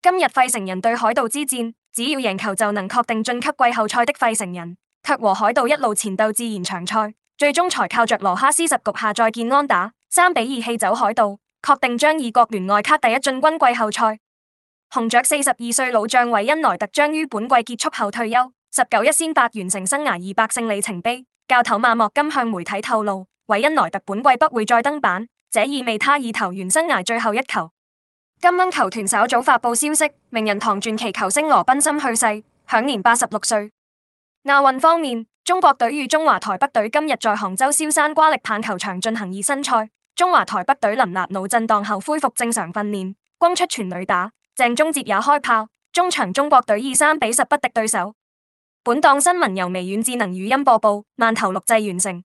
今日費城人對海盜之戰，只要贏球就能確定晉級季後賽的費城人，卻和海盜一路纏鬥至延長賽，最終才靠着羅哈斯十局下再見安打，三比二棄走海盜，確定將以國聯外卡第一進軍季後賽。紅雀四十二歲老將韋恩萊特將於本季結束後退休，十九日先發完成生涯二百勝里程碑。教頭馬莫今向媒體透露，韋恩萊特本季不會再登板，這意味他已投完生涯最後一球。金恩球團稍早發布消息，名人堂傳奇球星羅賓森去世，享年八十六歲。亞運方面，中國隊與中華台北隊今日在杭州蕭山瓜瀝棒球場進行熱身賽。中華台北隊林立腦震蕩後恢復正常訓練，轟出全壘打，鄭中捷也開炮。終場，中國隊以三比十不敵對手。本檔新聞由微軟智能語音播報，慢投錄製完成。